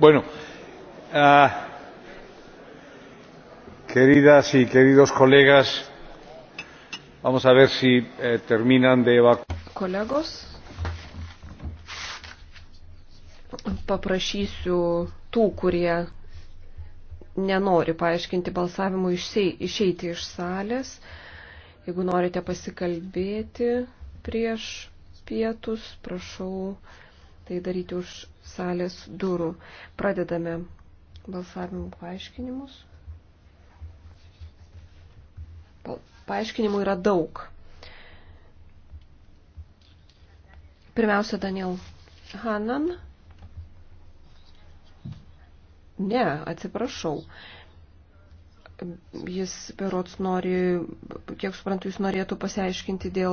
Bueno, uh, queridas y queridos colegas, vamos a ver si eh, terminan de evacuar. Colegos, paprašysiu tų, kurie nenori paaiškinti balsavimu išeiti iš salės. Jeigu norite pasikalbėti prieš pietus, prašau tai daryti už salės durų. Pradedame balsavimų paaiškinimus. Paaiškinimų yra daug. Pirmiausia, Daniel Hanan. Ne, atsiprašau. Jis, berots, nori, kiek suprantu, jis norėtų pasiaiškinti dėl